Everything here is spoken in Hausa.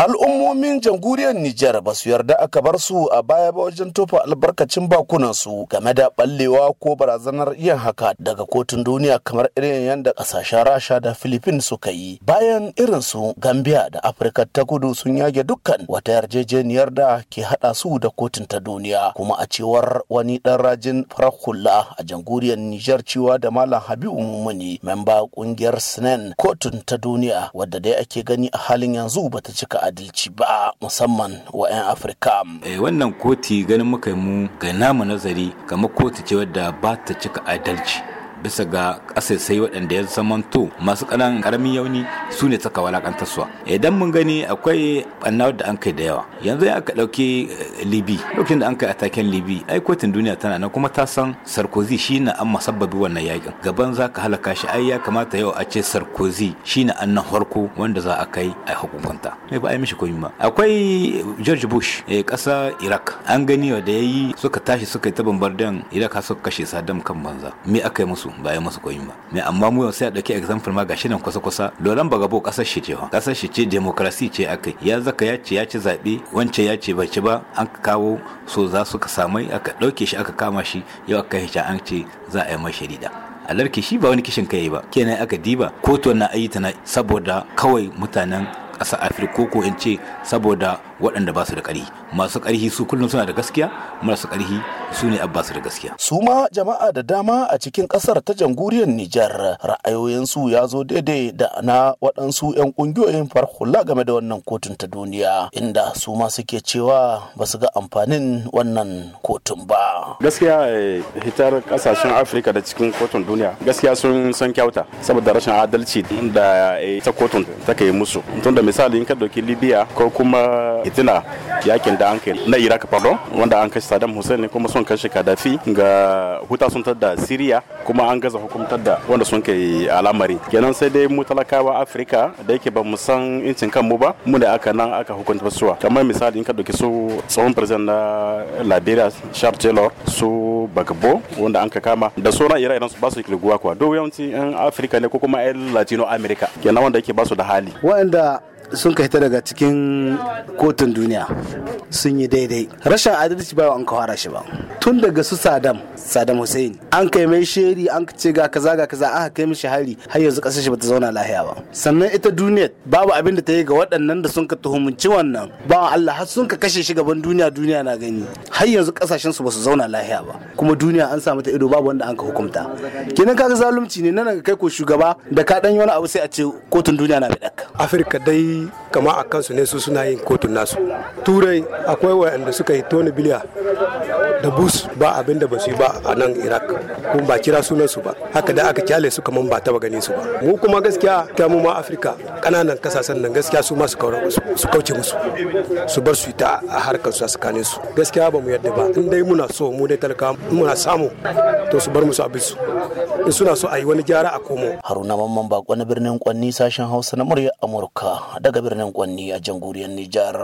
al'ummomin jamhuriyar Nijar ba su yarda aka bar su a baya ba wajen tofa albarkacin bakunan su game da ɓallewa ko barazanar yin haka daga kotun duniya kamar irin yadda kasashen Rasha da Philippines suka yi bayan irin su Gambia da Afirka ta Kudu sun yage dukkan wata yarjejeniyar da ke hada su da kotun ta duniya kuma a cewar wani dan rajin farar a jamhuriyar Nijar cewa da Malam Habibu Mumuni memba kungiyar Sinan e kotun ta duniya wadda dai ake gani a halin yanzu bata cika adalci ba musamman wa 'yan afirka eh, wannan koti ganin muka mu ga namu nazari kamar kotu ce wadda ba ta cika adalci bisa ga sai waɗanda ya zamanto masu ƙanan ƙaramin yauni su ne saka walakantarsuwa idan mun gani akwai ɓannawar da an kai da yawa yanzu ya aka ɗauki eh, libi lokacin da an kai ataken libi ai kotun duniya tana nan kuma ta san sarkozy shi na an masabbabi wannan yakin gaban za ka halaka shi ai ya kamata yau a ce sarkozy shi na annan harko wanda za a kai a hukunta mai ba a yi mishi komi ma akwai george bush eh, ƙasa iraq an gani da ya yi suka tashi suka yi ta bambar iraq suka kashe sadam kan banza me aka yi musu su ba ya koyin ba me amma mu sai a dauki example ma gashi nan kusa kusa loran bo kasar shi ce kasar shi ce democracy ce akai ya zaka ya ce ya ci zabe wance ya ce bai ci ba an kawo so za su ka samai aka dauke shi aka kama shi yau aka yi an ce za a yi mai shari'a alarki shi ba wani kishin kai ba kenan aka diba kotu na ayyuta na saboda kawai mutanen ƙasa afirka ko in ce saboda waɗanda ba su da ƙari masu ƙarhi su kullum suna da gaskiya masu ƙarhi su ne abbasu da gaskiya su ma jama'a da dama a cikin ƙasar ta jamhuriyar nijar ra'ayoyinsu ya zo daidai da na waɗansu 'yan ƙungiyoyin farhula game da wannan kotun ta duniya inda su ma suke cewa ba su ga amfanin wannan kotun ba gaskiya eh, hitar ƙasashen afirka da cikin kotun duniya gaskiya sun san kyauta saboda rashin adalci da eh, ita kotun ta take musu tunda misali in ka ɗauki libya ko kuma itina yakin da an kai na iraq pardon wanda an kashe saddam hussein ne kuma sun kashe kadafi ga huta sun da siriya kuma an gaza hukumtar da wanda sun kai al'amari kenan sai dai mu talakawa afirka da yake ba mu san incin kan mu ba mu da aka nan aka hukunta suwa kamar misali in ka dauki su tsohon president na liberia charles taylor su bagbo wanda an ka kama da sauran ire idan su ba su yi kuwa duk yawanci yan afirka ne ko kuma yan latino america kenan wanda yake ba su da hali waɗanda sun kai ta daga cikin kotun duniya sun yi daidai rashin adalci ba an kawara shi ba tun daga su sadam sadam hussein an kai mai sheri an ce ga kaza ga kaza aka kai mishi hari har yanzu kasar shi bata zauna lahiya ba sannan ita duniya babu abin da ta yi ga waɗannan da sun ka tuhumunci wannan ba Allah har sun ka kashe shi gaban duniya duniya na gani har yanzu kasashen su basu zauna lahiya ba kuma duniya an samu ta ido babu wanda an ka hukunta kenan kaga zalunci ne nan kai ko shugaba da ka dan yi wani abu sai a ce kotun duniya na bi Afirka dai kama a kansu ne su suna yin kotun nasu turai akwai wa'anda suka yi toni biliya da bus ba abin da ba su yi ba a nan iraq kuma ba kira sunan su ba haka da aka kyale su kamar ba taba gani su ba mu kuma gaskiya ta mu ma afirka kananan kasashen nan gaskiya su ma su kauce musu su bar su ta a harkar su kane su gaskiya ba mu yadda ba in dai muna so mu dai talaka muna samu to su bar musu abin su in suna so a yi wani gyara a komo haruna mamman bako birnin kwanni sashen hausa na murya amurka daga birnin kwanni a jamhuriyar nijar